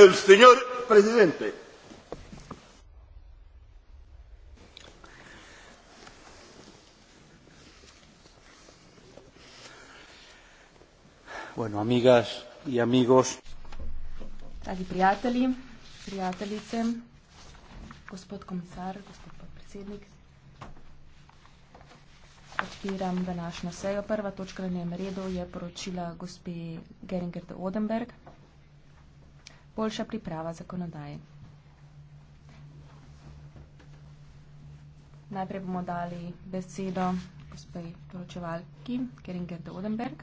el señor presidente. Bueno, amigas y amigos. Dragi prijatelji, prijateljice, gospod komisar, gospod podpredsednik, odpiram današnjo sejo. Prva točka na njem redu je poročila gospe Geringer de Odenberg boljša priprava zakonodaje. Najprej bomo dali besedo gospej poročevalki Keringer de Odenberg.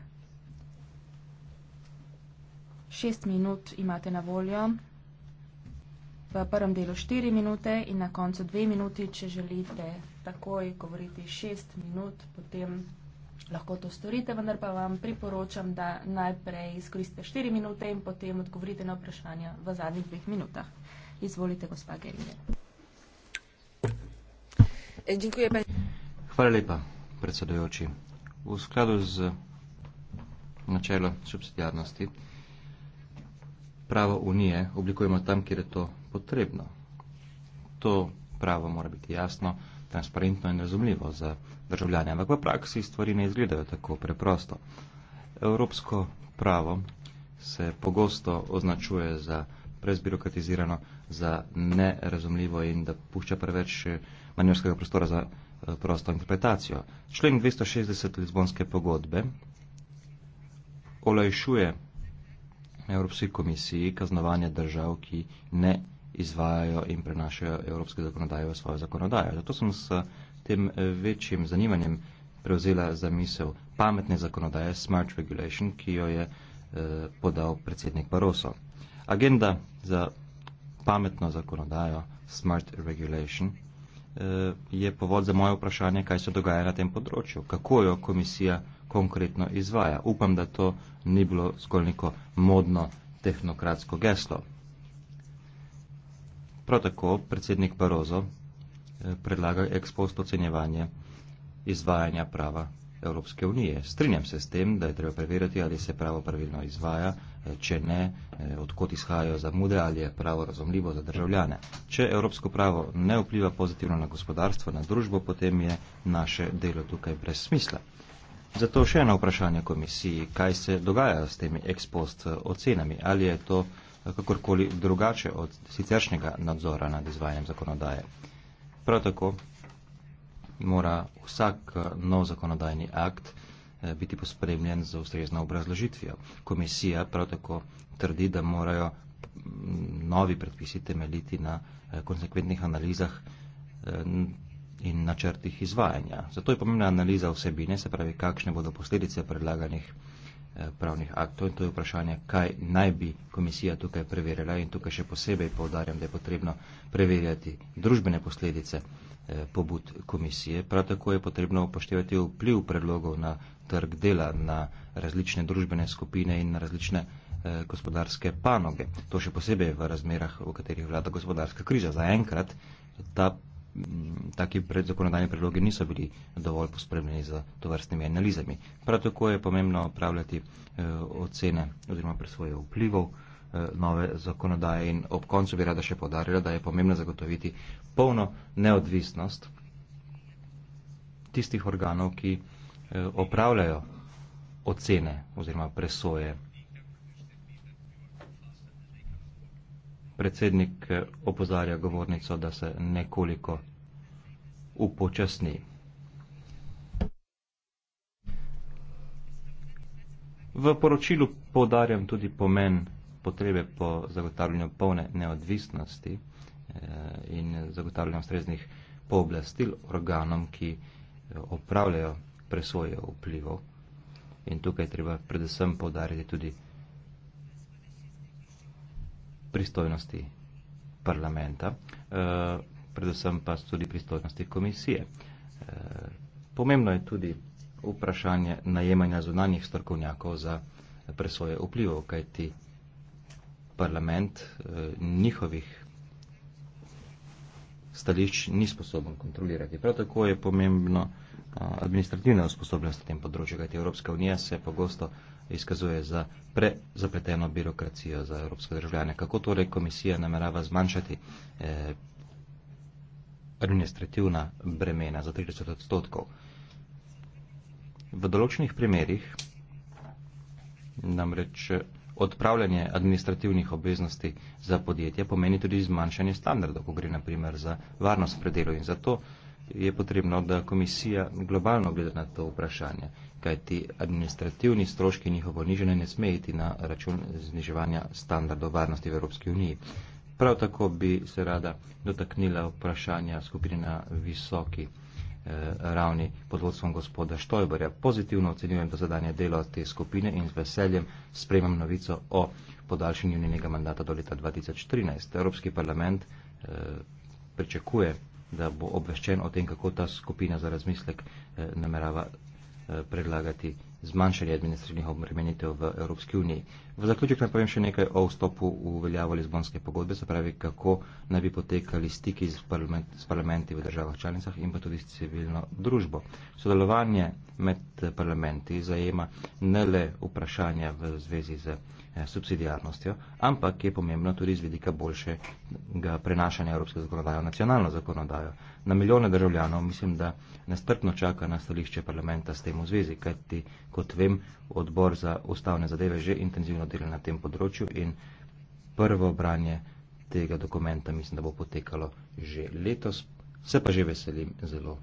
Šest minut imate na voljo, v prvem delu štiri minute in na koncu dve minuti, če želite takoj govoriti šest minut, potem lahko to storite, vendar pa vam priporočam, da najprej izkoristite 4 minute in potem odgovorite na vprašanja v zadnjih dveh minutah. Izvolite, gospa Gerine. E, Hvala lepa, predsedojoči. V skladu z načelo subsidijarnosti pravo Unije oblikujemo tam, kjer je to potrebno. To pravo mora biti jasno transparentno in razumljivo za državljanje. Ampak v praksi stvari ne izgledajo tako preprosto. Evropsko pravo se pogosto označuje za prezbirokratizirano, za nerazumljivo in da pušča preveč eh, manjorskega prostora za eh, prosto interpretacijo. Člen 260 Lizbonske pogodbe olajšuje Evropski komisiji kaznovanje držav, ki ne izvajajo in prenašajo evropske zakonodaje v svojo zakonodajo. Zato sem s tem večjim zanimanjem prevzela za misel pametne zakonodaje Smart Regulation, ki jo je eh, podal predsednik Baroso. Agenda za pametno zakonodajo Smart Regulation eh, je povod za moje vprašanje, kaj se dogaja na tem področju, kako jo komisija konkretno izvaja. Upam, da to ni bilo zgolj neko modno tehnokratsko geslo. Prav tako predsednik Barozo eh, predlaga ekspost ocenjevanje izvajanja prava Evropske unije. Strinjam se s tem, da je treba preveriti, ali se pravo pravilno izvaja, eh, če ne, eh, odkot izhajajo zamude, ali je pravo razumljivo za državljane. Če evropsko pravo ne vpliva pozitivno na gospodarstvo, na družbo, potem je naše delo tukaj brez smisla. Zato še eno vprašanje komisiji, kaj se dogaja s temi ekspost ocenami, ali je to kakorkoli drugače od siceršnjega nadzora nad izvajanjem zakonodaje. Prav tako mora vsak eh, nov zakonodajni akt eh, biti pospremljen z ustrezno obrazložitvijo. Komisija prav tako trdi, da morajo mm, novi predpisi temeljiti na eh, konsekventnih analizah in načrtih izvajanja. Zato je pomembna analiza vsebine, se pravi, kakšne bodo posledice predlaganih Eh, pravnih aktov in to je vprašanje, kaj naj bi komisija tukaj preverjala in tukaj še posebej povdarjam, da je potrebno preverjati družbene posledice eh, pobud komisije. Prav tako je potrebno upoštevati vpliv predlogov na trg dela, na različne družbene skupine in na različne eh, gospodarske panoge. To še posebej v razmerah, v katerih vlada gospodarska kriza. Zaenkrat ta taki pred zakonodajni predlogi niso bili dovolj pospremljeni z tovrstnimi analizami. Prav tako je pomembno upravljati eh, ocene oziroma presvoje vplivov eh, nove zakonodaje in ob koncu bi rada še podarila, da je pomembno zagotoviti polno neodvisnost tistih organov, ki eh, opravljajo ocene oziroma presoje. Predsednik e, opozarja govornico, da se nekoliko upočasni. V poročilu poudarjam tudi pomen potrebe po zagotavljanju polne neodvisnosti eh, in zagotavljanju ustreznih pooblastil organom, ki eh, opravljajo presoje vplivov. In tukaj treba predvsem poudariti tudi pristojnosti parlamenta. Eh, predvsem pa tudi pristojnosti komisije. E, pomembno je tudi vprašanje najemanja zunanjih strokovnjakov za presoje vplivov, kajti parlament e, njihovih stališč ni sposoben kontrolirati. Prav tako je pomembno administrativna usposobljenost na tem področju, kajti Evropska unija se pogosto izkazuje za prezapleteno birokracijo za evropske državljane. Kako torej komisija namerava zmanjšati eh, administrativna bremena za 30 odstotkov. V določenih primerjih namreč odpravljanje administrativnih obveznosti za podjetje pomeni tudi zmanjšanje standardov, ko gre naprimer za varnost pri delu in zato je potrebno, da komisija globalno gleda na to vprašanje, kajti administrativni stroški njihovo nižene ne smejiti na račun zniževanja standardov varnosti v Evropski uniji. Prav tako bi se rada dotaknila vprašanja skupine na visoki eh, ravni pod vodstvom gospoda Štojberja. Pozitivno ocenjujem dosedanje delo te skupine in z veseljem spremam novico o podaljšanju njenega mandata do leta 2013. Evropski parlament eh, pričakuje, da bo obveščen o tem, kako ta skupina za razmislek eh, namerava predlagati zmanjšanje administrativnih obremenitev v Evropski uniji. V zaključek naj povem še nekaj o vstopu v veljavo Lizbonske pogodbe, se pravi, kako naj bi potekali stiki z, parlament, z parlamenti v državah članicah in pa tudi s civilno družbo. Sodelovanje med parlamenti zajema ne le vprašanja v zvezi z eh, subsidijarnostjo, ampak je pomembno tudi z vidika boljšega prenašanja evropske zakonodaje v nacionalno zakonodajo. Na milijone državljanov mislim, da nestrpno čaka na stališče parlamenta s tem v zvezi, kajti kot vem, odbor za ustavne zadeve že intenzivno delali na tem področju in prvo branje tega dokumenta mislim, da bo potekalo že letos. Se pa že veselim zelo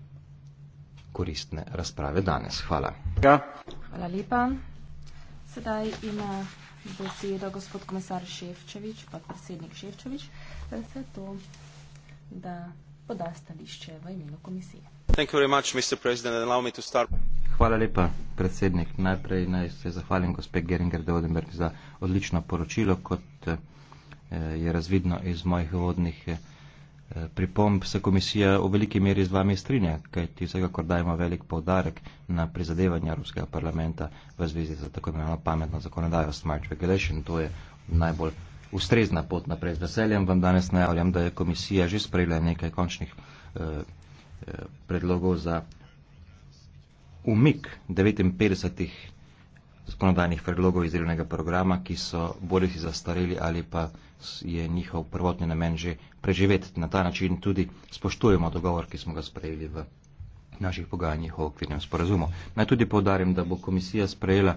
koristne razprave danes. Hvala. Ja. Hvala lepa. Sedaj ima besedo gospod komisar Ševčevič, podpredsednik Ševčevič, da se to, da poda stališče v imenu komisije. Hvala lepa, predsednik. Najprej naj se zahvalim gospe Geringer de Odenberg za odlično poročilo, kot eh, je razvidno iz mojih vodnih eh, pripomb. Se komisija v veliki meri z vami strinja, kajti vsekakor dajemo velik povdarek na prizadevanja Ruskega parlamenta v zvezi za tako imenovano pametno zakonodajo Smart Regulation. To je najbolj ustrezna pot naprej z veseljem. Vam danes najavljam, da je komisija že sprejela nekaj končnih eh, predlogov za umik 59 zakonodajnih predlogov iz delovnega programa, ki so bolj si zastareli ali pa je njihov prvotni namen že preživeti. Na ta način tudi spoštujemo dogovor, ki smo ga sprejeli v naših pogajanjih o okvirnem sporazumu. Naj tudi povdarim, da bo komisija sprejela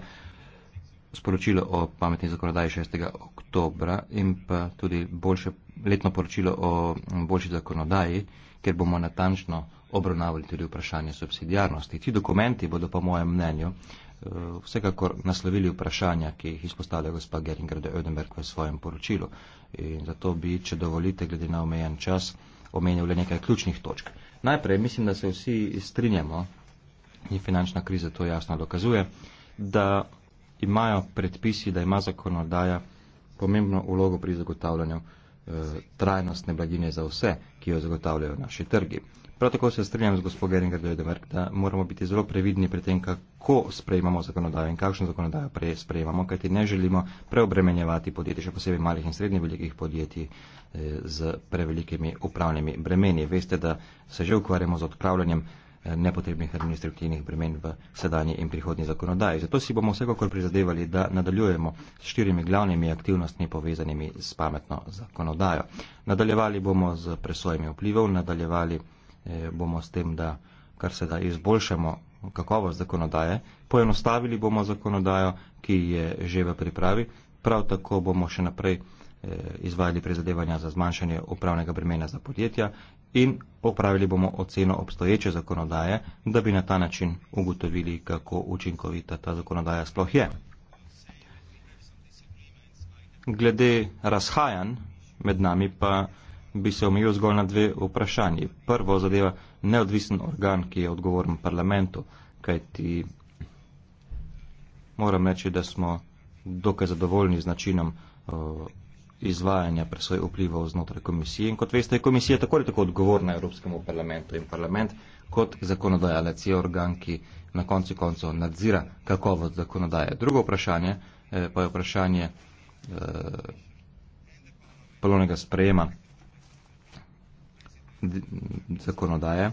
sporočilo o pametni zakonodaji 6. oktobra in pa tudi boljše, letno poročilo o boljši zakonodaji, ker bomo natančno obravnavali tudi vprašanje subsidijarnosti. Ti dokumenti bodo po mojem mnenju eh, vsekakor naslovili vprašanja, ki jih izpostavlja gospa Geringrade Ödenberg v svojem poročilu. In zato bi, če dovolite, glede na omejen čas, omenil le nekaj ključnih točk. Najprej mislim, da se vsi strinjamo, in finančna kriza to jasno dokazuje, da imajo predpisi, da ima zakonodaja pomembno ulogo pri zagotavljanju eh, trajnostne blaginje za vse, ki jo zagotavljajo naši trgi. Prav tako se strinjam z gospod Geringer, da, Demark, da moramo biti zelo previdni pri tem, kako sprejemamo zakonodajo in kakšno zakonodajo prej sprejemamo, kajti ne želimo preobremenjevati podjetij, še posebej malih in srednjih velikih podjetij, eh, z prevelikimi upravnimi bremeni. Veste, da se že ukvarjamo z odpravljanjem eh, nepotrebnih administrativnih bremen v sedanji in prihodnji zakonodaji. Zato si bomo vsekakor prizadevali, da nadaljujemo s štirimi glavnimi aktivnostmi povezanimi s pametno zakonodajo. Nadaljevali bomo z presojami vplivov, nadaljevali bomo Eh, bomo s tem, da kar se da izboljšamo kakovost zakonodaje, poenostavili bomo zakonodajo, ki je že v pripravi, prav tako bomo še naprej eh, izvajali prizadevanja za zmanjšanje upravnega bremena za podjetja in opravili bomo oceno obstoječe zakonodaje, da bi na ta način ugotovili, kako učinkovita ta zakonodaja sploh je. Glede razhajanj med nami pa bi se omejil zgolj na dve vprašanji. Prvo zadeva neodvisen organ, ki je odgovoren parlamentu, kajti moram reči, da smo dokaj zadovoljni z načinom eh, izvajanja presoj vplivov znotraj komisije. In kot veste, je komisija tako ali tako odgovorna Evropskemu parlamentu in parlament kot zakonodajalec je organ, ki na koncu koncev nadzira kakovost zakonodaje. Drugo vprašanje eh, pa je vprašanje eh, polovnega sprejema zakonodaje.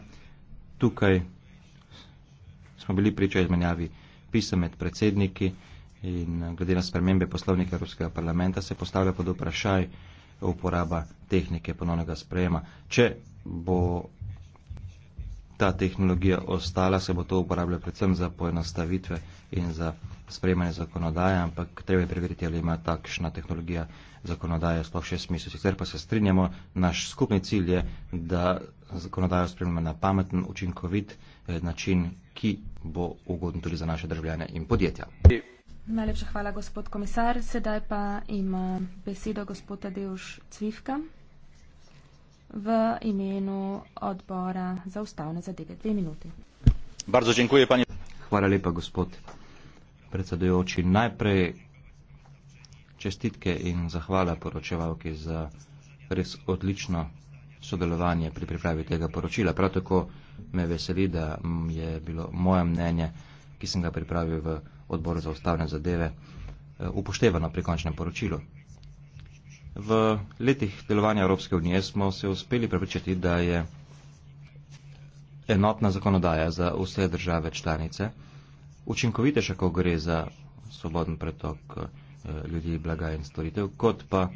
Tukaj smo bili priča izmenjavi pisem med predsedniki in eh, glede na spremembe poslovnika Evropskega parlamenta se postavlja pod vprašaj uporaba tehnike ponovnega sprejema. Če bo ta tehnologija ostala, se bo to uporabljalo predvsem za poenostavitve in za sprejmanje zakonodaje, ampak treba je preveriti, ali ima takšna tehnologija zakonodaje sploh še smisel. Sicer pa se strinjamo, naš skupni cilj je, da zakonodajo sprejmemo na pameten, učinkovit eh, način, ki bo ugoden tudi za naše državljane in podjetja. Najlepša hvala, gospod komisar. Sedaj pa ima besedo gospod Adeuš Cvivka w imieniu odbora za ustawne zadebie. Dwie minuty. Bardzo dziękuję panie. Chwała lepa, gospod predsedujący. Najpierw čestitke in zahvala poročevalki za res odlično sodelovanje pri pripravi tega poročila. Prav tako me veseli, da je bilo moje mnenje, ki sem ga pripravil v odboru za ustavne zadeve, eh, upoštevano pri končnem poročilu. V letih delovanja Evropske unije smo se uspeli prepričati, da je enotna zakonodaja za vse države članice učinkovitejša, ko gre za svoboden pretok eh, ljudi, blaga in storitev, kot pa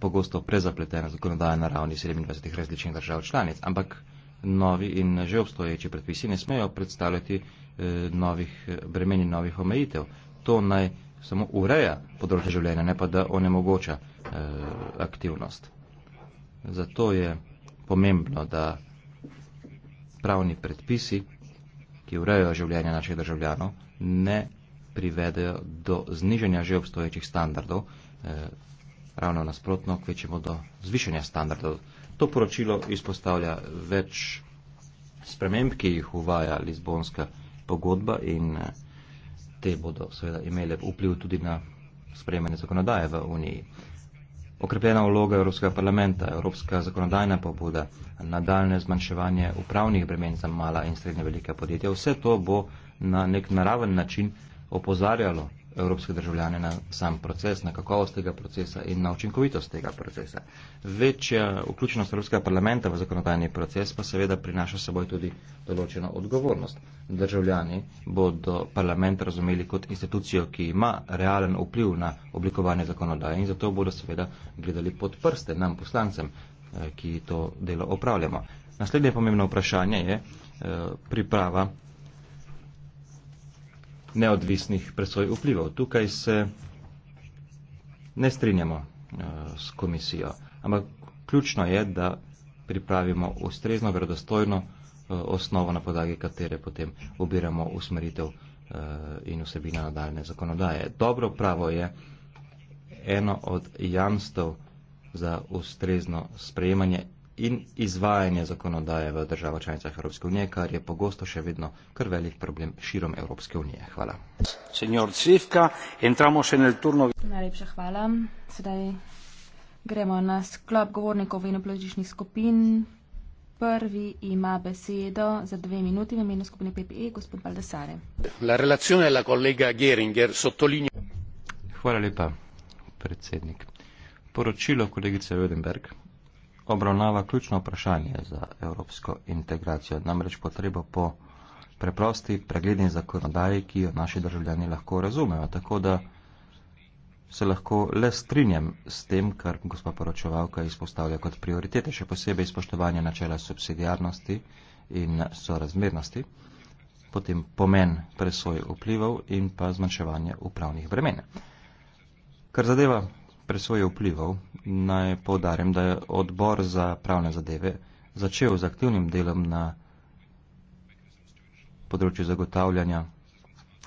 pogosto prezapletena zakonodaja na ravni 27 različnih držav članic. Ampak novi in že obstoječi predpisi ne smejo predstavljati eh, novih bremeni, novih omejitev. To naj samo ureja področje življenja, ne pa da onemogoča eh, aktivnost. Zato je pomembno, da pravni predpisi, ki urejajo življenje naših državljanov, ne privedejo do znižanja že obstoječih standardov, eh, ravno nasprotno, kvečemo do zvišanja standardov. To poročilo izpostavlja več sprememb, ki jih uvaja Lizbonska pogodba in eh, te bodo seveda imele vpliv tudi na spremenje zakonodaje v Uniji. Okrepljena vloga Evropskega parlamenta, Evropska zakonodajna pobuda, nadaljne zmanjševanje upravnih bremen za mala in srednje velike podjetja, vse to bo na nek naraven način opozarjalo evropske državljane na sam proces, na kakovost tega procesa in na učinkovitost tega procesa. Večja vključenost Evropskega parlamenta v zakonodajni proces pa seveda prinaša seboj tudi določeno odgovornost. Državljani bodo parlament razumeli kot institucijo, ki ima realen vpliv na oblikovanje zakonodaje in zato bodo seveda gledali pod prste nam poslancem, eh, ki to delo opravljamo. Naslednje pomembno vprašanje je eh, priprava neodvisnih presoj vplivov. Tukaj se ne strinjamo eh, s komisijo, ampak ključno je, da pripravimo ustrezno, verodostojno eh, osnovo, na podlagi katere potem obiramo usmeritev eh, in vsebina nadaljne zakonodaje. Dobro pravo je eno od jamstev za ustrezno sprejemanje in izvajanje zakonodaje v državah članicah Evropske unije, kar je pogosto še vedno kar velik problem širom Evropske unije. Hvala. Najlepša hvala. Sedaj gremo na sklop govornikov in obložišnih skupin. Prvi ima besedo za dve minuti v imenu skupine PPE, gospod Baldasare. Hvala lepa, predsednik. Poročilo kolegice Vedenberg obravnava ključno vprašanje za evropsko integracijo, namreč potrebo po preprosti pregledni zakonodaji, ki jo naši državljani lahko razumejo. Tako da se lahko le strinjam s tem, kar gospa poročevalka izpostavlja kot prioritete, še posebej spoštovanje načela subsidijarnosti in sorazmernosti, potem pomen presoj vplivov in pa zmanjševanje upravnih bremen. Kar zadeva presoje vplivov, naj povdarim, da je odbor za pravne zadeve začel z aktivnim delom na področju zagotavljanja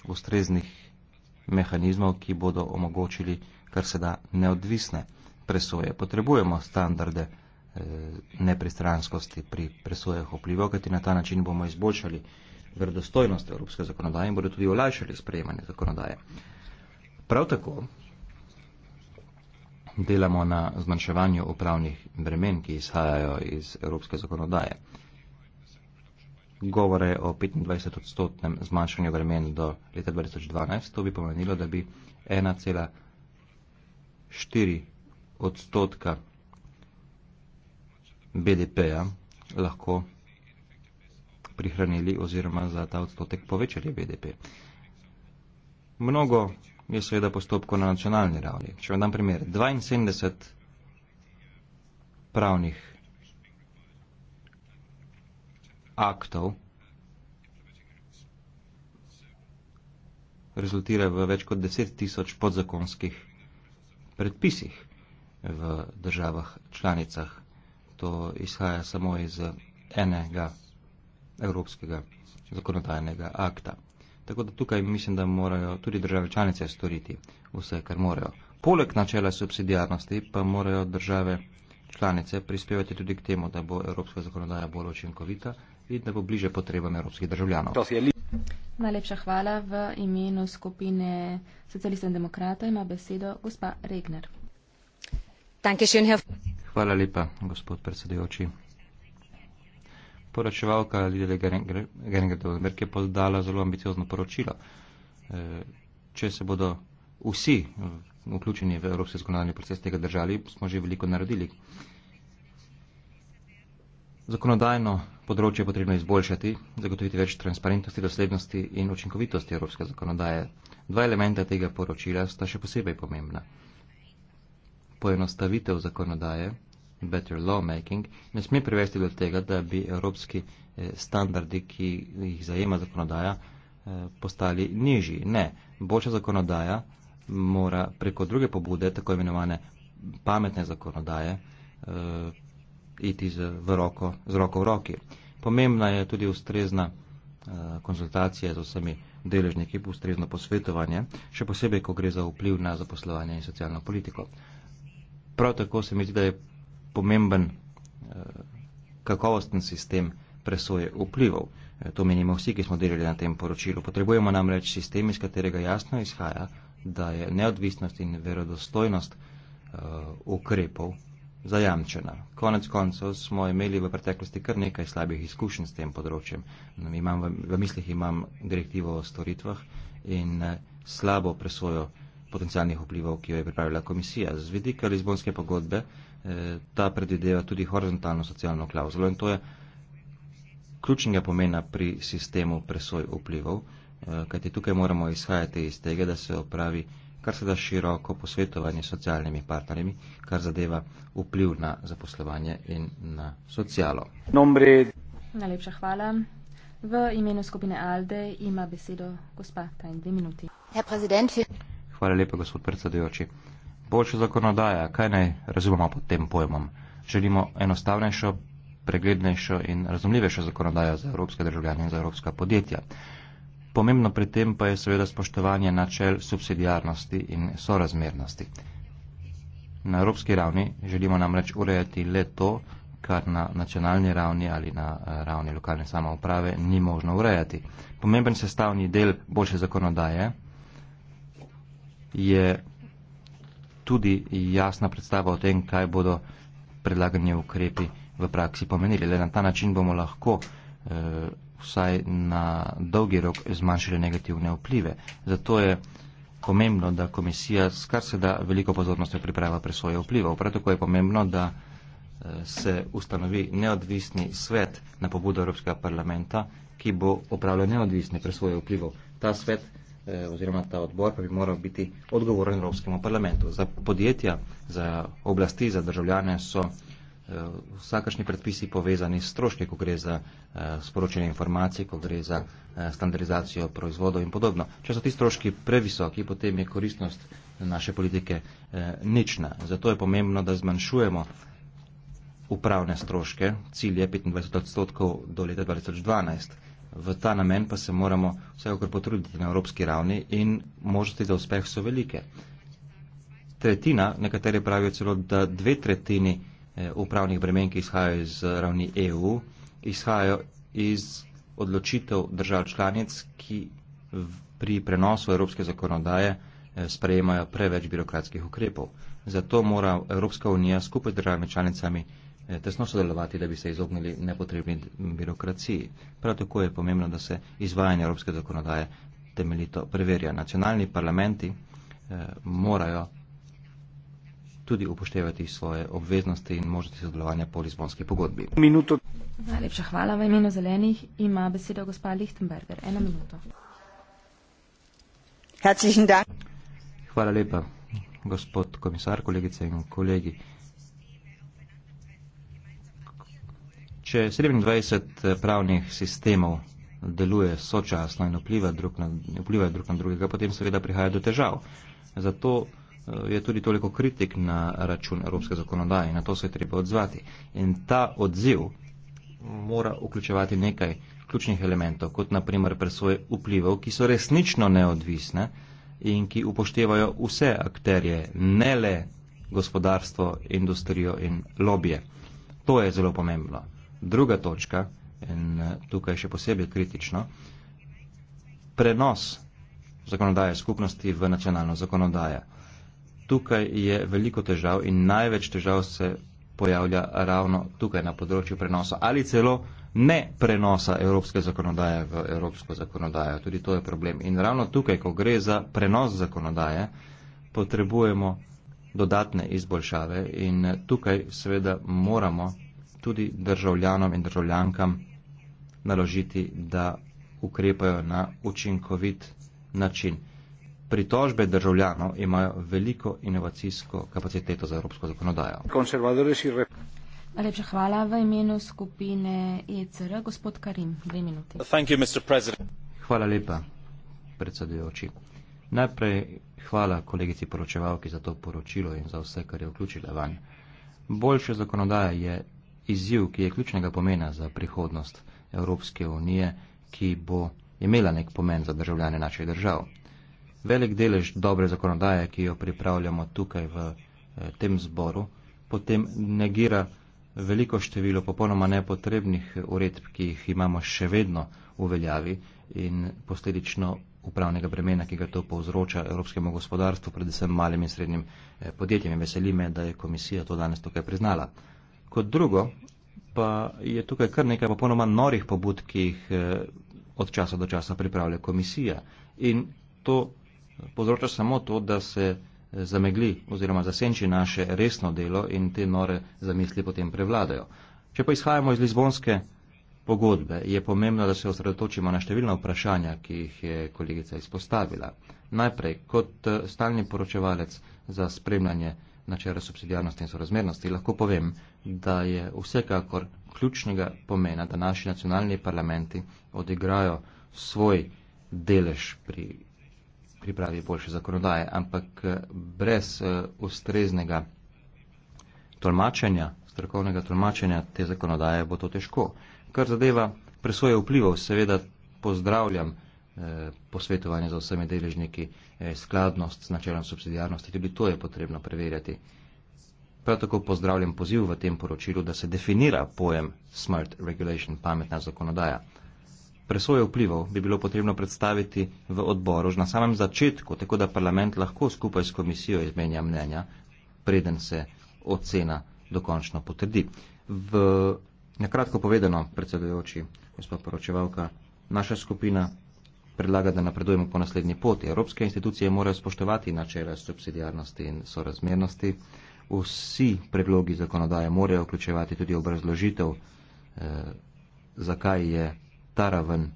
ustreznih mehanizmov, ki bodo omogočili kar se da neodvisne presoje. Potrebujemo standarde eh, nepristranskosti pri presojah vplivov, kajti na ta način bomo izboljšali verodostojnost evropske zakonodaje in bodo tudi olajšali sprejemanje zakonodaje. Prav tako delamo na zmanjševanju upravnih bremen, ki izhajajo iz evropske zakonodaje. Govore o 25-odstotnem zmanjšanju bremen do leta 2012, to bi pomenilo, da bi 1,4 odstotka BDP-ja lahko prihranili oziroma za ta odstotek povečali BDP. Mnogo je seveda postopko na nacionalni ravni. Če vam dam primer, 72 pravnih aktov rezultira v več kot 10 tisoč podzakonskih predpisih v državah članicah. To izhaja samo iz enega evropskega zakonodajnega akta. Tako da tukaj mislim, da morajo tudi države članice storiti vse, kar morajo. Poleg načela subsidijarnosti pa morajo države članice prispevati tudi k temu, da bo evropska zakonodaja bolj učinkovita in da bo bliže potrebam evropskih državljanov. Najlepša hvala v imenu skupine socialistov in demokratov ima besedo gospa Regner. Hvala lepa, gospod predsedujoči poročevalka Lidele Gengerdovenberg je podala zelo ambiciozno poročilo. E, če se bodo vsi e, vključeni v evropski zakonodajni proces tega držali, smo že veliko naredili. Zakonodajno področje je potrebno izboljšati, zagotoviti več transparentnosti, doslednosti in učinkovitosti evropske zakonodaje. Dva elementa tega poročila sta še posebej pomembna. Poenostavitev zakonodaje better lawmaking, ne sme privesti do tega, da bi evropski eh, standardi, ki jih zajema zakonodaja, eh, postali nižji. Ne, boljša zakonodaja mora preko druge pobude, tako imenovane pametne zakonodaje, eh, iti z, v roko, z roko v roki. Pomembna je tudi ustrezna konzultacije z vsemi deležniki, ustrezno posvetovanje, še posebej, ko gre za vpliv na zaposlovanje in socialno politiko. Prav tako se mi zdi, da je pomemben eh, kakovosten sistem presoje vplivov. Eh, to menimo vsi, ki smo delali na tem poročilu. Potrebujemo namreč sistem, iz katerega jasno izhaja, da je neodvisnost in verodostojnost eh, ukrepov zajamčena. Konec koncev smo imeli v preteklosti kar nekaj slabih izkušenj s tem področjem. Imam v, v mislih imam direktivo o storitvah in slabo presojo potencialnih vplivov, ki jo je pripravila komisija. Z vidika Lizbonske pogodbe ta predvideva tudi horizontalno socialno klauzulo in to je ključnega pomena pri sistemu presoj vplivov, eh, kajti tukaj moramo izhajati iz tega, da se opravi kar se da široko posvetovanje s socialnimi partnerji, kar zadeva vpliv na zaposlovanje in na socialo. Nombre. Najlepša hvala. V imenu skupine ALDE ima besedo gospa Tajn dve minuti. Hvala lepa, gospod predsedujoči boljša zakonodaja, kaj naj razumemo pod tem pojmom? Želimo enostavnejšo, preglednejšo in razumljivejšo zakonodajo za evropske državljane in za evropska podjetja. Pomembno pri tem pa je seveda spoštovanje načel subsidijarnosti in sorazmernosti. Na evropski ravni želimo namreč urejati le to, kar na nacionalni ravni ali na eh, ravni lokalne samouprave ni možno urejati. Pomemben sestavni del boljše zakonodaje je tudi jasna predstava o tem, kaj bodo predlagani ukrepi v praksi pomenili. Le na ta način bomo lahko eh, vsaj na dolgi rok zmanjšali negativne vplive. Zato je pomembno, da komisija skar se da veliko pozornosti priprava presoje vplivov. Prav tako je pomembno, da eh, se ustanovi neodvisni svet na pobudo Evropskega parlamenta, ki bo opravljal neodvisne presoje vplivov. Ta svet Eh, oziroma ta odbor pa bi moral biti odgovoren Evropskemu parlamentu. Za podjetja, za oblasti, za državljane so eh, vsakašni predpisi povezani s stroški, ko gre za eh, sporočene informacije, ko gre za standardizacijo proizvodov in podobno. Če so ti stroški previsoki, potem je koristnost naše politike nična. Zato je pomembno, da zmanjšujemo upravne stroške, cilj je 25 odstotkov do leta 2012. V ta namen pa se moramo vsekakor potruditi na evropski ravni in možnosti za uspeh so velike. Tretjina, nekateri pravijo celo, da dve tretjini eh, upravnih bremen, ki izhajajo iz eh, ravni EU, izhajajo iz odločitev držav članic, ki pri prenosu evropske zakonodaje eh, sprejemajo preveč birokratskih ukrepov. Zato mora Evropska unija skupaj z državami članicami Eh, tesno sodelovati, da bi se izognili nepotrebni birokraciji. Prav tako je pomembno, da se izvajanje evropske zakonodaje temeljito preverja. Nacionalni parlamenti eh, morajo tudi upoštevati svoje obveznosti in možnosti sodelovanja po Lizbonski pogodbi. Minuto. Najlepša hvala v imenu zelenih. Ima besedo gospa Lichtenberger. Eno minuto. Hvala lepa, gospod komisar, kolegice in kolegi. Če 27 eh, pravnih sistemov deluje sočasno in vpliva drug na, vplivajo drug na drugega, potem seveda prihaja do težav. Zato eh, je tudi toliko kritik na račun evropske zakonodaje in na to se je treba odzvati. In ta odziv mora vključevati nekaj ključnih elementov, kot naprimer presoje vplivov, ki so resnično neodvisne in ki upoštevajo vse akterje, ne le gospodarstvo, industrijo in lobije. To je zelo pomembno druga točka, in eh, tukaj še posebej kritično, prenos zakonodaje skupnosti v nacionalno zakonodajo. Tukaj je veliko težav in največ težav se pojavlja ravno tukaj na področju prenosa ali celo ne prenosa evropske zakonodaje v evropsko zakonodajo. Tudi to je problem. In ravno tukaj, ko gre za prenos zakonodaje, potrebujemo dodatne izboljšave in eh, tukaj seveda moramo tudi državljanom in državljankam naložiti, da ukrepajo na učinkovit način. Pritožbe državljanov imajo veliko inovacijsko kapaciteto za evropsko zakonodajo. Najlepša hvala v imenu skupine ECR, gospod Karim, dve minuti. You, hvala lepa, predsedujoči. Najprej hvala kolegici poročevalki za to poročilo in za vse, kar je vključila vanj. Boljša zakonodaja je izziv, ki je ključnega pomena za prihodnost Evropske unije, ki bo imela nek pomen za državljane naših držav. Velik delež dobre zakonodaje, ki jo pripravljamo tukaj v eh, tem zboru, potem negira veliko število popolnoma nepotrebnih uredb, ki jih imamo še vedno v veljavi in posledično upravnega bremena, ki ga to povzroča evropskemu gospodarstvu, predvsem malim in srednjim eh, podjetjem. Veseli me, da je komisija to danes tukaj priznala. Kot drugo, pa je tukaj kar nekaj popolnoma norih pobud, ki jih eh, od časa do časa pripravlja komisija. In to povzroča samo to, da se eh, zamegli oziroma zasenči naše resno delo in te nore zamisli potem prevladajo. Če pa izhajamo iz Lizbonske pogodbe, je pomembno, da se osredotočimo na številna vprašanja, ki jih je kolegica izpostavila. Najprej, kot eh, stalni poročevalec za spremljanje načela subsidijarnosti in sorazmernosti, lahko povem, da je vsekakor ključnega pomena, da naši nacionalni parlamenti odigrajo svoj delež pri pripravi boljše zakonodaje, ampak brez ustreznega tolmačenja, strokovnega tolmačenja te zakonodaje bo to težko. Kar zadeva presoje vplivov, seveda pozdravljam Eh, posvetovanje za vsemi deležniki, eh, skladnost s načelom subsidijarnosti, tudi to je potrebno preverjati. Prav tako pozdravljam poziv v tem poročilu, da se definira pojem smart regulation, pametna zakonodaja. Presoje vplivov bi bilo potrebno predstaviti v odboru že na samem začetku, tako da parlament lahko skupaj s komisijo izmenja mnenja, preden se ocena dokončno potrdi. V nekratko povedano, predsedujoči, gospod poročevalka, naša skupina predlaga, da napredujemo po naslednji poti. Evropske institucije morajo spoštovati načela subsidijarnosti in sorazmernosti. Vsi predlogi zakonodaje morajo vključevati tudi obrazložitev, eh, zakaj je ta raven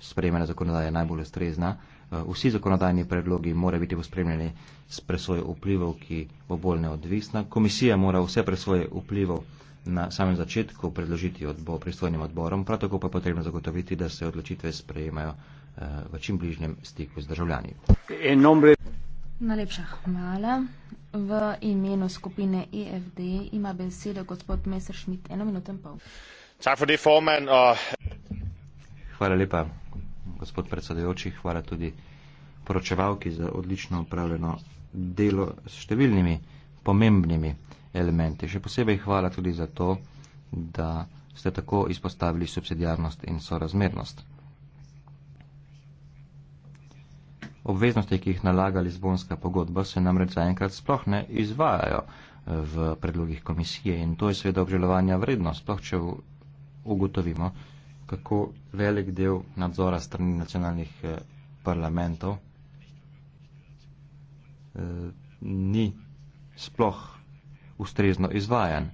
sprejemena zakonodaje najbolj ustrezna. Eh, vsi zakonodajni predlogi morajo biti pospremljeni s presoje vplivov, ki bo bolj neodvisna. Komisija mora vse presoje vplivov na samem začetku predložiti odbo, pristojnim odborom, prav tako pa je potrebno zagotoviti, da se odločitve sprejemajo Eh, v čim bližnjem stiku z državljani. Najlepša hvala. V imenu skupine EFD ima besedo gospod Messerschmidt. Eno minuto in pol. Hvala lepa, gospod predsedajoči. Hvala tudi poročevalki za odlično upravljeno delo s številnimi pomembnimi elementi. Še posebej hvala tudi za to, da ste tako izpostavili subsidijarnost in sorazmernost. Obveznosti, ki jih nalaga Lizbonska pogodba, se namreč zaenkrat sploh ne izvajajo eh, v predlogih komisije in to je seveda obžalovanja vrednost, sploh če ugotovimo, kako velik del nadzora strani nacionalnih eh, parlamentov eh, ni sploh ustrezno izvajan.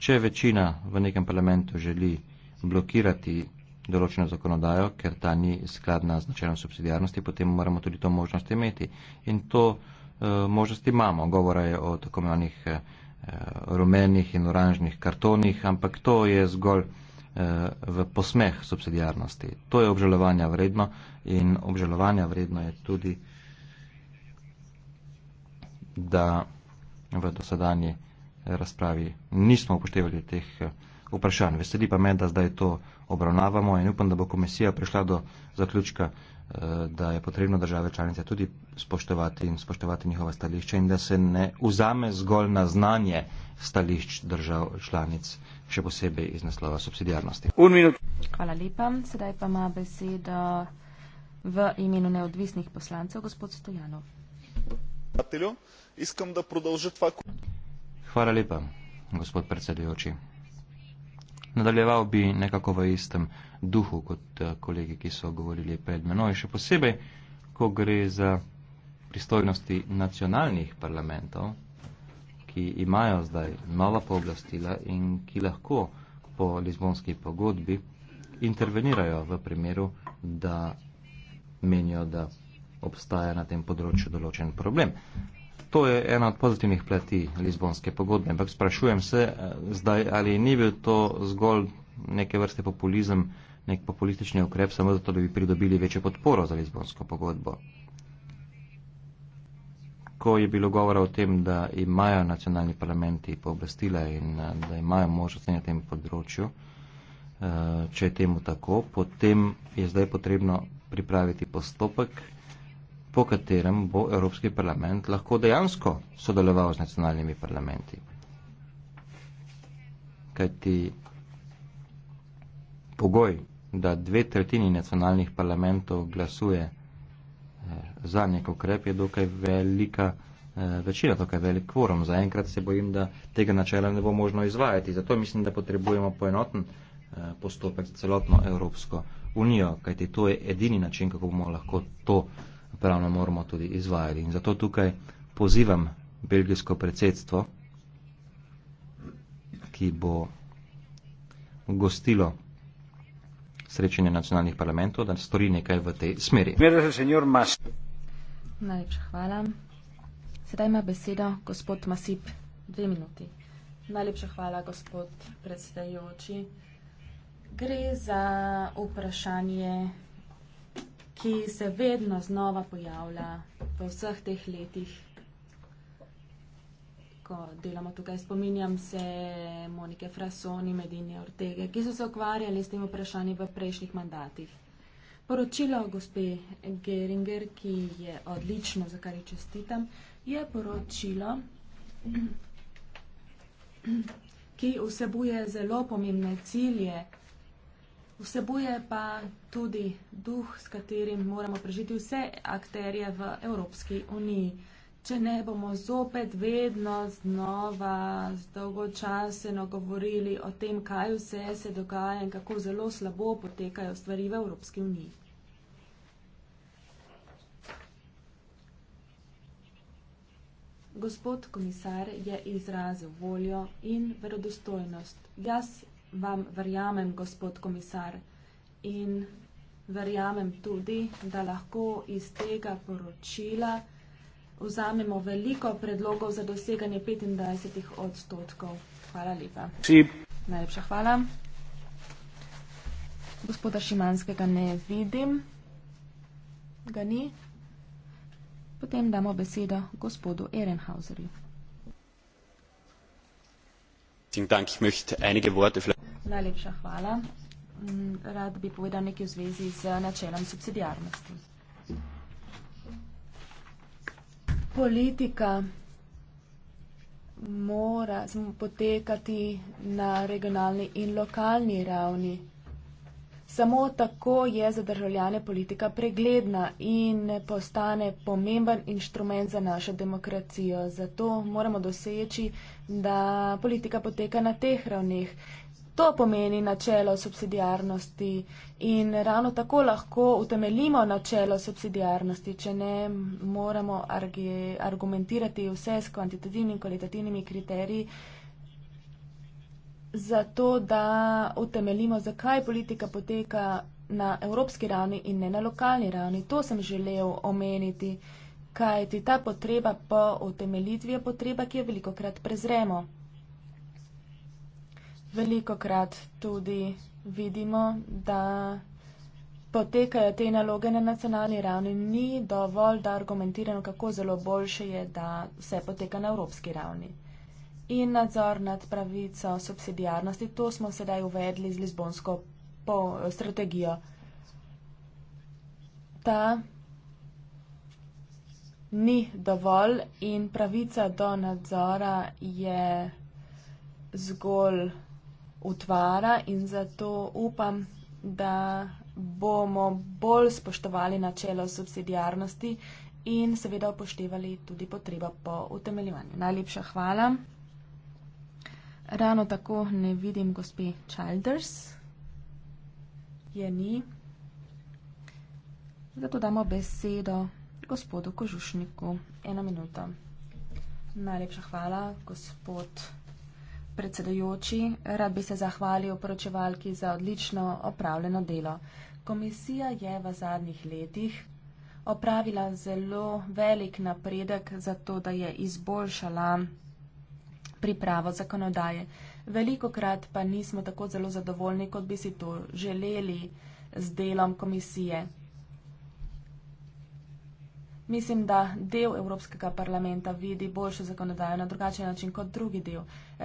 Če večina v nekem parlamentu želi blokirati določeno zakonodajo, ker ta ni skladna z načelom subsidijarnosti, potem moramo tudi to možnost imeti. In to uh, možnost imamo. Govora je o tako imenovanih uh, rumenih in oranžnih kartonih, ampak to je zgolj uh, v posmeh subsidijarnosti. To je obžalovanja vredno in obžalovanja vredno je tudi, da v dosedanji razpravi nismo upoštevali teh vprašanj. Veseli pa me, da zdaj to obravnavamo in upam, da bo komisija prišla do zaključka, eh, da je potrebno države članice tudi spoštovati in spoštovati njihova stališča in da se ne vzame zgolj na znanje stališč držav članic, še posebej iz naslova subsidijarnosti. Hvala lepa. Sedaj pa ima besedo v imenu neodvisnih poslancev gospod Stojanov. Hvala lepa, gospod predsedujoči. Nadaljeval bi nekako v istem duhu kot eh, kolegi, ki so govorili pred menoj, še posebej, ko gre za pristojnosti nacionalnih parlamentov, ki imajo zdaj nova pooblastila in ki lahko po Lizbonski pogodbi intervenirajo v primeru, da menijo, da obstaja na tem področju določen problem to je ena od pozitivnih plati Lizbonske pogodbe, ampak sprašujem se eh, zdaj, ali ni bil to zgolj neke vrste populizem, nek populistični ukrep, samo zato, da bi pridobili večjo podporo za Lizbonsko pogodbo. Ko je bilo govora o tem, da imajo nacionalni parlamenti pooblastila in eh, da imajo možnost na tem področju, eh, če je temu tako, potem je zdaj potrebno pripraviti postopek po katerem bo Evropski parlament lahko dejansko sodeloval z nacionalnimi parlamenti. Kajti pogoj, da dve tretjini nacionalnih parlamentov glasuje eh, za nek ukrep, je dokaj velika eh, večina, dokaj velik kvorum. Zaenkrat se bojim, da tega načela ne bo možno izvajati. Zato mislim, da potrebujemo poenoten eh, postopek za celotno Evropsko unijo, kajti to je edini način, kako bomo lahko to pravno moramo tudi izvajali. In zato tukaj pozivam belgijsko predsedstvo, ki bo gostilo srečanje nacionalnih parlamentov, da stori nekaj v tej smeri. Najlepša hvala. Sedaj ima besedo gospod Masip. Dve minuti. Najlepša hvala, gospod predsedajoči. Gre za vprašanje ki se vedno znova pojavlja v vseh teh letih, ko delamo tukaj. Spominjam se Monike Frasoni, Medine Ortege, ki so se ukvarjali s tem vprašanjem v prejšnjih mandatih. Poročilo gospe Geringer, ki je odlično, za kar ji čestitam, je poročilo, ki vsebuje zelo pomembne cilje Vsebuje pa tudi duh, s katerim moramo prežiti vse akterje v Evropski uniji. Če ne bomo zopet vedno znova dolgočaseno govorili o tem, kaj vse se dogaja in kako zelo slabo potekajo stvari v Evropski uniji. Gospod komisar je izrazil voljo in verodostojnost. Jaz vam verjamem, gospod komisar, in verjamem tudi, da lahko iz tega poročila vzamemo veliko predlogov za doseganje 25 odstotkov. Hvala lepa. Si. Najlepša hvala. Gospoda Šimanskega ne vidim. Ga ni. Potem damo besedo gospodu Ehrenhauserju. Vielen Dank. Ich möchte einige Worte vielleicht. Najlepša hvala. Mm, rad bi povedal nekaj v zvezi z načelom subsidijarnosti. Politika mora potekati na regionalni in lokalni ravni. Samo tako je za državljane politika pregledna in postane pomemben inštrument za našo demokracijo. Zato moramo doseči, da politika poteka na teh ravneh. To pomeni načelo subsidijarnosti in ravno tako lahko utemeljimo načelo subsidijarnosti, če ne moramo argi, argumentirati vse s kvantitativnimi in kvalitativnimi kriteriji, zato da utemeljimo, zakaj politika poteka na evropski ravni in ne na lokalni ravni. To sem želel omeniti, kajti ta potreba po utemeljitvi je potreba, ki jo veliko krat prezremo veliko krat tudi vidimo, da potekajo te naloge na nacionalni ravni, ni dovolj, da argumentirano, kako zelo boljše je, da vse poteka na evropski ravni. In nadzor nad pravico subsidijarnosti, to smo sedaj uvedli z Lizbonsko po, strategijo. Ta ni dovolj in pravica do nadzora je zgolj utvara in zato upam, da bomo bolj spoštovali načelo subsidijarnosti in seveda upoštevali tudi potreba po utemeljivanju. Najlepša hvala. Rano tako ne vidim gospe Childers. Je ni. Zato damo besedo gospodu Kožušniku. Eno minuto. Najlepša hvala, gospod predsedujoči, rad bi se zahvalil poročevalki za odlično opravljeno delo. Komisija je v zadnjih letih opravila zelo velik napredek za to, da je izboljšala pripravo zakonodaje. Veliko krat pa nismo tako zelo zadovoljni, kot bi si to želeli z delom komisije. Mislim, da del Evropskega parlamenta vidi boljšo zakonodajo na drugačen način kot drugi del.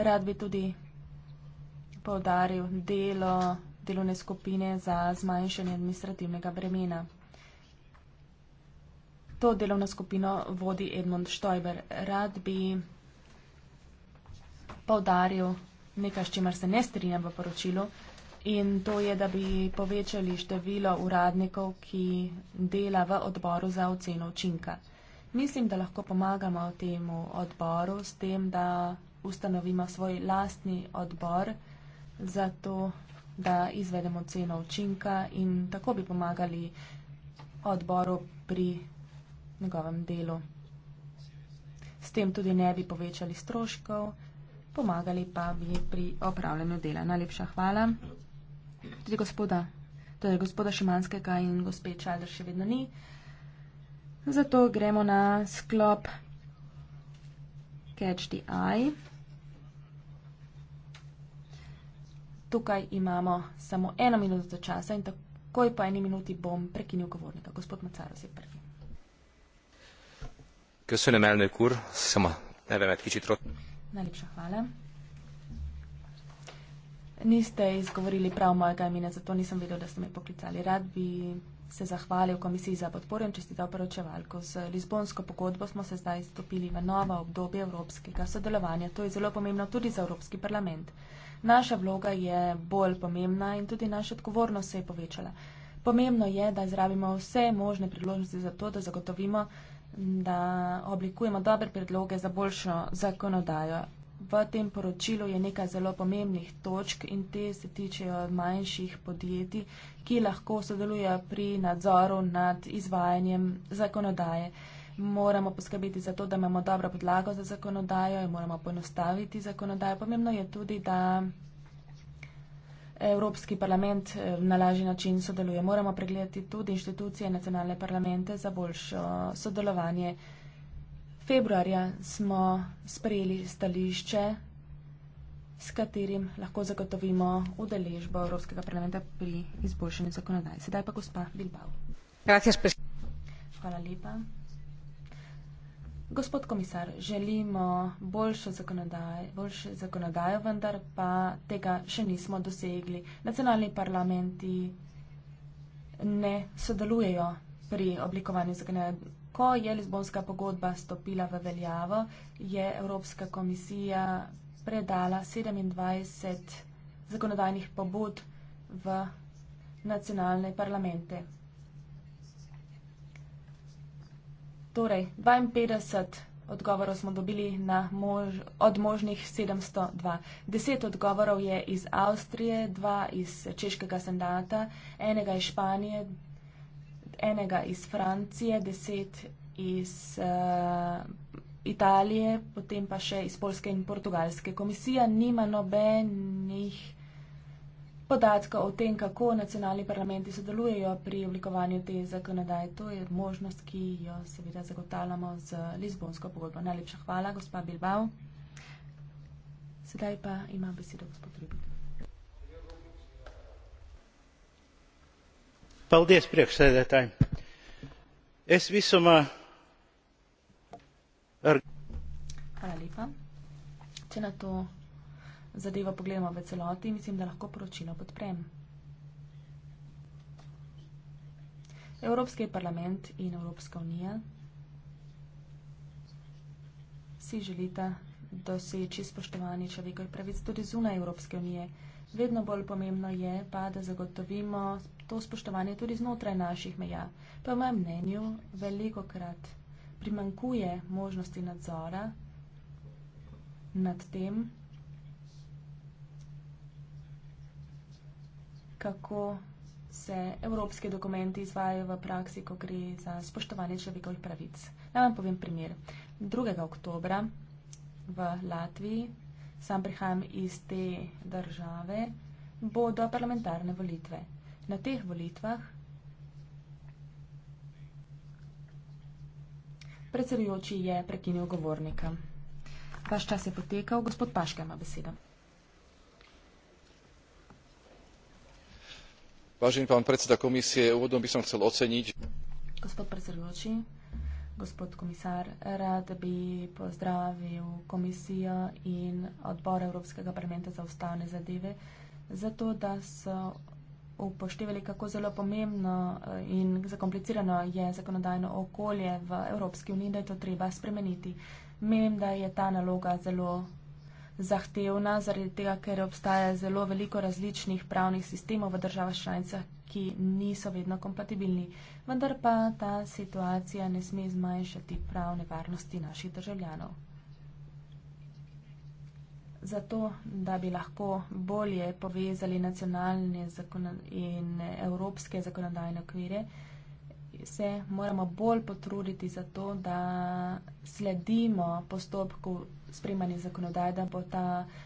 Rad bi tudi povdaril delo delovne skupine za zmanjšanje administrativnega bremena. To delovno skupino vodi Edmund Štojber. Rad bi povdaril nekaj, s čimer se ne strinjam v poročilu in to je, da bi povečali število uradnikov, ki dela v odboru za oceno učinka. Mislim, da lahko pomagamo temu odboru s tem, da ustanovimo svoj lastni odbor za to, da izvedemo oceno učinka in tako bi pomagali odboru pri njegovem delu. S tem tudi ne bi povečali stroškov, pomagali pa bi pri opravljanju dela. Najlepša hvala tudi gospoda, torej gospoda Šimanskega in gospe Čalder še vedno ni. Zato gremo na sklop Catch the Eye. Tukaj imamo samo eno minuto časa in takoj po eni minuti bom prekinil govornika. Gospod Macaro, si prvi. Köszönöm, elnök úr. Szem a nevemet kicsit rott. Najlepša hvala. Niste izgovorili prav mojega imena, zato nisem vedel, da ste me poklicali. Rad bi se zahvalil komisiji za podporo in čestital poročevalko. Z Lizbonsko pogodbo smo se zdaj stopili v novo obdobje evropskega sodelovanja. To je zelo pomembno tudi za Evropski parlament. Naša vloga je bolj pomembna in tudi naša odgovornost se je povečala. Pomembno je, da izrabimo vse možne priložnosti za to, da zagotovimo, da oblikujemo dobre predloge za boljšo zakonodajo V tem poročilu je nekaj zelo pomembnih točk in te se tičejo manjših podjetij, ki lahko sodelujejo pri nadzoru nad izvajanjem zakonodaje. Moramo poskrbeti za to, da imamo dobro podlago za zakonodajo in moramo ponostaviti zakonodajo. Pomembno je tudi, da Evropski parlament eh, na lažji način sodeluje. Moramo pregledati tudi inštitucije nacionalne parlamente za boljšo sodelovanje. Februarja smo sprejeli stališče, s katerim lahko zagotovimo udeležbo Evropskega parlamenta pri izboljšanju zakonodaje. Sedaj pa gospa Bilbao. Hvala lepa. Gospod komisar, želimo boljšo zakonodajo, boljšo zakonodajo, vendar pa tega še nismo dosegli. Nacionalni parlamenti ne sodelujejo pri oblikovanju zakonodaje. Ko je Lizbonska pogodba stopila v veljavo, je Evropska komisija predala 27 zakonodajnih pobud v nacionalne parlamente. Torej, 52 odgovorov smo dobili na mož, od možnih 702. Deset odgovorov je iz Avstrije, dva iz češkega sendata, enega iz Španije, enega iz Francije, deset iz uh, Italije, potem pa še iz Polske in Portugalske. Komisija nima nobenih podatkov o tem, kako nacionalni parlamenti sodelujejo pri oblikovanju te zakonodaje. To je možnost, ki jo seveda zagotavljamo z Lizbonsko pogodbo. Najlepša hvala, gospa Bilbao. Sedaj pa ima besedo gospod Ribik. paldies priekšsēdētāji es visumā ar Hvala lepa. Če na to zadevo pogledamo v celoti, mislim, da lahko poročilo podprem. Evropski parlament in Evropska unija si želita doseči spoštovanje človekovih pravic tudi zunaj Evropske unije. Vedno bolj pomembno je pa, da zagotovimo to spoštovanje tudi znotraj naših meja. Po mojem mnenju, veliko krat primankuje možnosti nadzora nad tem, kako se evropski dokumenti izvajajo v praksi, ko gre za spoštovanje človekovih pravic. Naj vam povem primer. 2. oktober v Latviji, sam prihajam iz te države, bodo parlamentarne volitve na teh volitvah predsedujoči je prekinil govornika. Vaš čas je potekal, gospod Paška ima besedo. Vážený pán predseda komisie, úvodom by som chcel oceniť. Gospod predsedujoči, gospod komisár, rád by pozdravil komisijo in odbor Európskega parlamenta za ustavne zadeve, zato da so upoštevali, kako zelo pomembno eh, in zakomplicirano je zakonodajno okolje v Evropski uniji, da je to treba spremeniti. Menim, da je ta naloga zelo zahtevna, zaradi tega, ker obstaja zelo veliko različnih pravnih sistemov v državah članicah, ki niso vedno kompatibilni. Vendar pa ta situacija ne sme zmanjšati pravne varnosti naših državljanov zato, da bi lahko bolje povezali nacionalne in evropske zakonodajne okvire, se moramo bolj potruditi za to, da sledimo postopku spremanja zakonodaje, da bo ta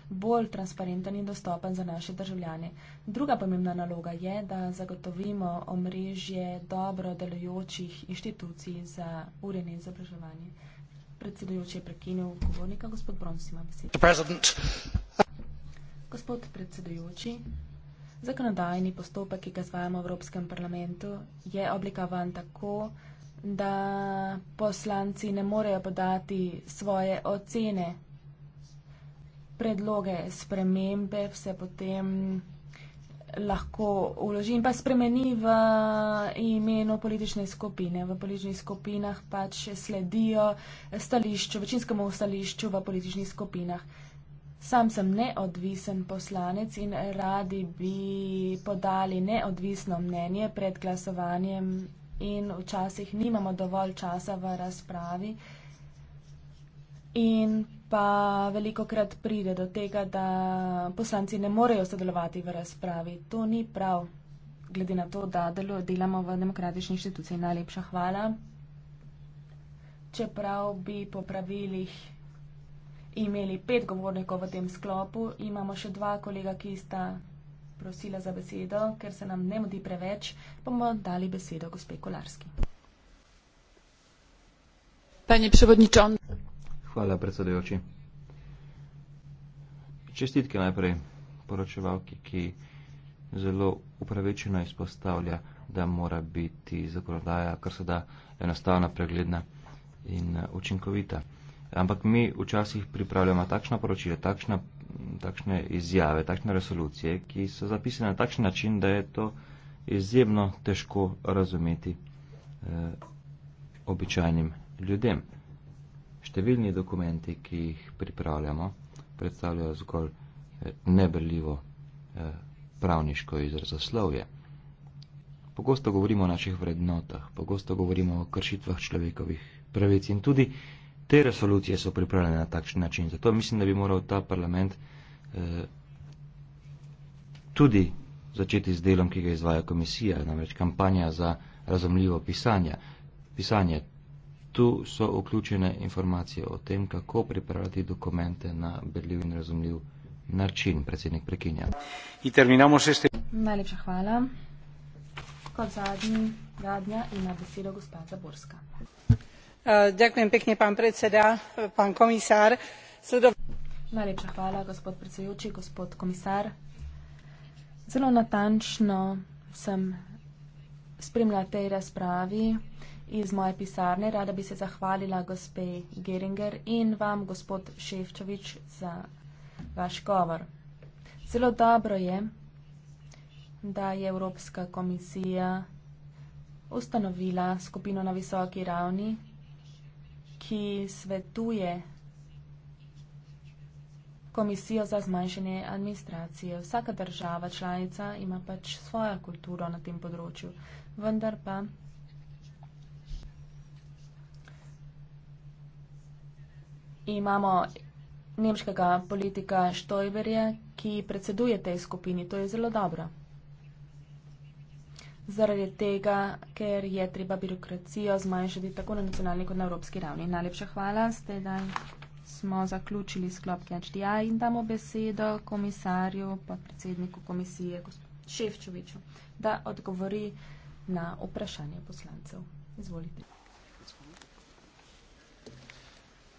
bolj transparenten in dostopen za naše državljane. Druga pomembna naloga je, da zagotovimo omrežje dobro delujočih inštitucij za urejanje izobraževanja. Gospod predsedujoči, zakonodajni postopek, ki ga zvajamo v Evropskem parlamentu, je oblikovan tako, da poslanci ne morejo podati svoje ocene, predloge, spremembe, vse potem lahko uloži in pa spremeni v imenu politične skupine. V političnih skupinah pač sledijo stališču, večinskemu stališču v političnih skupinah. Sam sem neodvisen poslanec in radi bi podali neodvisno mnenje pred glasovanjem in včasih nimamo dovolj časa v razpravi. Uh, in pa veliko krat pride do tega, da poslanci ne morejo sodelovati v razpravi. To ni prav, glede na to, da delamo v demokratični inštituciji. Najlepša hvala. Čeprav bi po pravilih imeli pet govornikov v tem sklopu, imamo še dva kolega, ki sta prosila za besedo, ker se nam ne modi preveč, bomo dali besedo gospe Kolarski. Panie przewodniczący. Hvala, predsedujoči. Čestitke najprej poročevalki, ki zelo upravičeno izpostavlja, da mora biti zakonodaja kar se da enostavna, pregledna in eh, učinkovita. Ampak mi včasih pripravljamo takšna poročila, takšna, takšne izjave, takšne resolucije, ki so zapisane na takšen način, da je to izjemno težko razumeti eh, običajnim ljudem, Številni dokumenti, ki jih pripravljamo, predstavljajo zgolj eh, neberljivo eh, pravniško izrazoslovje. Pogosto govorimo o naših vrednotah, pogosto govorimo o kršitvah človekovih pravic in tudi te resolucije so pripravljene na takšen način. Zato mislim, da bi moral ta parlament eh, tudi začeti z delom, ki ga izvaja komisija, namreč kampanja za razumljivo pisanje. Pisanje Tu so vključene informacije o tem, kako pripravljati dokumente na berljiv in razumljiv način. Predsednik prekinja. In terminamo še s tem. Najlepša hvala. Kot zadnji, zadnja ima besedo gospa Zaborska. Eh, ďakujem pekne, pán predseda, pán komisár. Sledo... Najlepša hvala, gospod predsedujoči, gospod komisár. Zelo natančno sem spremljala tej razpravi, iz moje pisarne rada bi se zahvalila gospe Geringer in vam, gospod Ševčovič, za vaš govor. Zelo dobro je, da je Evropska komisija ustanovila skupino na visoki ravni, ki svetuje komisijo za zmanjšanje administracije. Vsaka država članica ima pač svojo kulturo na tem področju, vendar pa imamo nemškega politika Štojberja, ki predseduje tej skupini. To je zelo dobro. Zaradi tega, ker je treba birokracijo zmanjšati tako na nacionalni kot na evropski ravni. Najlepša hvala. Ste, da smo zaključili sklopke HDI in damo besedo komisarju, podpredsedniku komisije, gospodu Ševčoviču, da odgovori na vprašanje poslancev. Izvolite.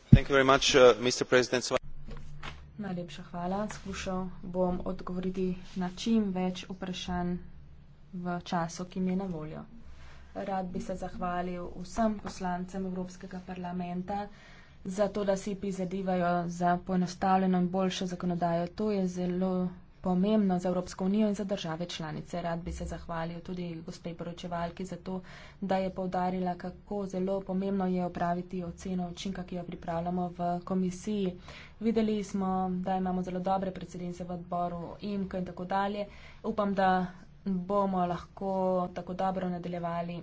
Uh, Najlepša hvala. Skušal bom odgovoriti na čim več vprašanj v času, ki mi je na voljo. Rad bi se zahvalil vsem poslancem Evropskega parlamenta za to, da si prizadevajo za poenostavljeno in boljšo zakonodajo. To je zelo pomembno za Evropsko unijo in za države članice. Rad bi se zahvalil tudi gospej poročevalki za to, da je povdarila, kako zelo pomembno je opraviti oceno učinka, ki jo pripravljamo v komisiji. Videli smo, da imamo zelo dobre predsednice v odboru IMK in tako dalje. Upam, da bomo lahko tako dobro nadaljevali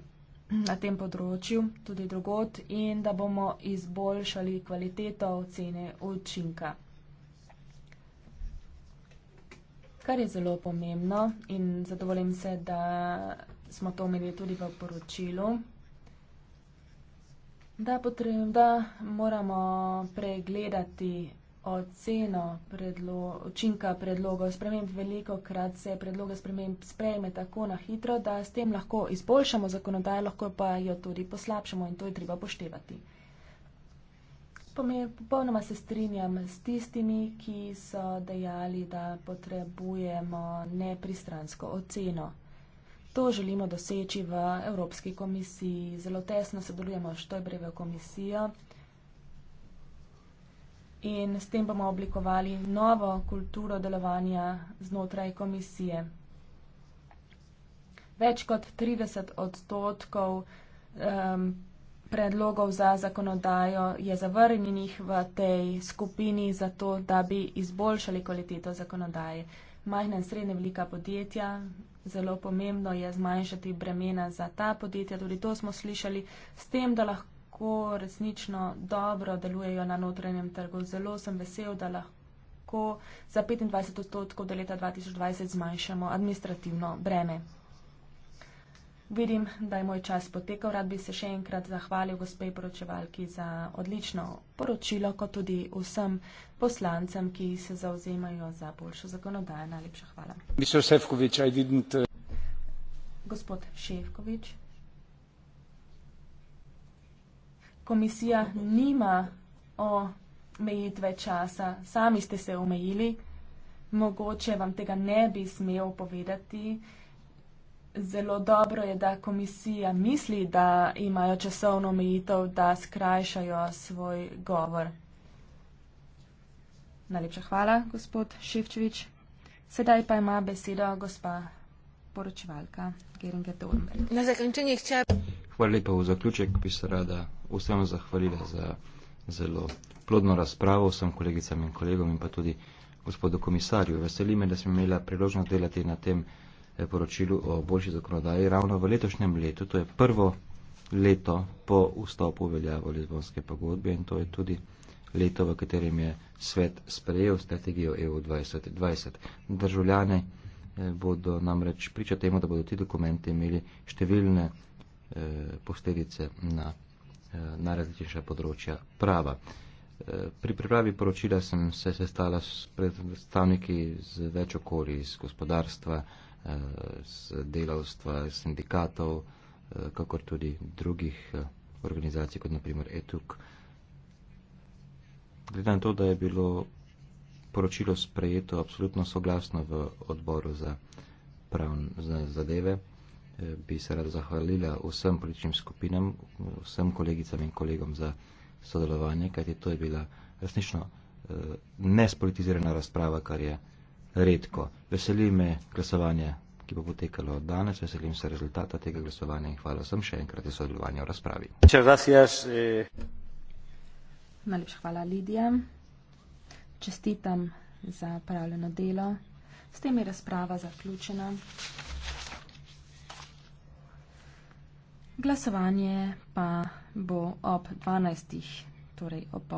na tem področju, tudi drugot, in da bomo izboljšali kvaliteto ocene učinka. kar je zelo pomembno in zadovoljim se, da smo to omenili tudi v poročilu, da, potrebno, da moramo pregledati oceno predlo, učinka predlogov sprememb. Veliko krat se predloge sprememb sprejme tako na hitro, da s tem lahko izboljšamo zakonodajo, lahko pa jo tudi poslabšamo in to je treba poštevati. Popolnoma se strinjam s tistimi, ki so dejali, da potrebujemo nepristransko oceno. To želimo doseči v Evropski komisiji. Zelo tesno sodelujemo s Štojbrevo komisijo in s tem bomo oblikovali novo kulturo delovanja znotraj komisije. Več kot 30 odstotkov um, predlogov za zakonodajo je zavrnjenih v tej skupini za to, da bi izboljšali kvaliteto zakonodaje. Majhna in srednje velika podjetja, zelo pomembno je zmanjšati bremena za ta podjetja, tudi to smo slišali, s tem, da lahko resnično dobro delujejo na notranjem trgu. Zelo sem vesel, da lahko za 25 odstotkov do leta 2020 zmanjšamo administrativno breme. Vidim, da je moj čas potekal. Rad bi se še enkrat zahvalil gospej poročevalki za odlično poročilo, kot tudi vsem poslancem, ki se zauzemajo za boljšo zakonodajo. Najlepša hvala. Sefkovič, didn't... Uh, Gospod Šefkovič. Komisija nima omejitve časa. Sami ste se omejili. Mogoče vam tega ne bi smel povedati zelo dobro je, da komisija misli, da imajo časovno omejitev, da skrajšajo svoj govor. Najlepša hvala, gospod Ševčevič. Sedaj pa ima besedo gospa poročevalka Geringe Dornberg. Na zaključenje hče. Hvala lepa. V zaključek bi se rada vsem zahvalila za zelo plodno razpravo, vsem kolegicam in kolegom in pa tudi gospodu komisarju. Veseli me, da sem imela priložnost delati na tem Eh, poročilu o boljši zakonodaji ravno v letošnjem letu. To je prvo leto po vstopu v veljavo Lizbonske pogodbe in to je tudi leto, v katerem je svet sprejel strategijo EU 2020. Državljane eh, bodo namreč priča temu, da bodo ti dokumenti imeli številne eh, posledice na, na različnejša področja prava. Pri pripravi poročila sem se sestala s predstavniki z več okolij, iz gospodarstva, z eh, delavstva, sindikatov, eh, kakor tudi drugih eh, organizacij, kot naprimer ETUK. Glede na to, da je bilo poročilo sprejeto absolutno soglasno v odboru za pravne zadeve, bi se rad zahvalila vsem političnim skupinam, vsem kolegicam in kolegom za sodelovanje, kajti to je bila resnično nespolitizirana razprava, kar je redko. Veseli me glasovanje, ki bo potekalo danes, veselim se rezultata tega glasovanja in hvala vsem še enkrat za sodelovanje v razpravi. Gracias, eh. Najlepša hvala, Lidija. Čestitam za pravljeno delo. S tem je razprava zaključena. Glasovanje pa bo ob 12. torej ob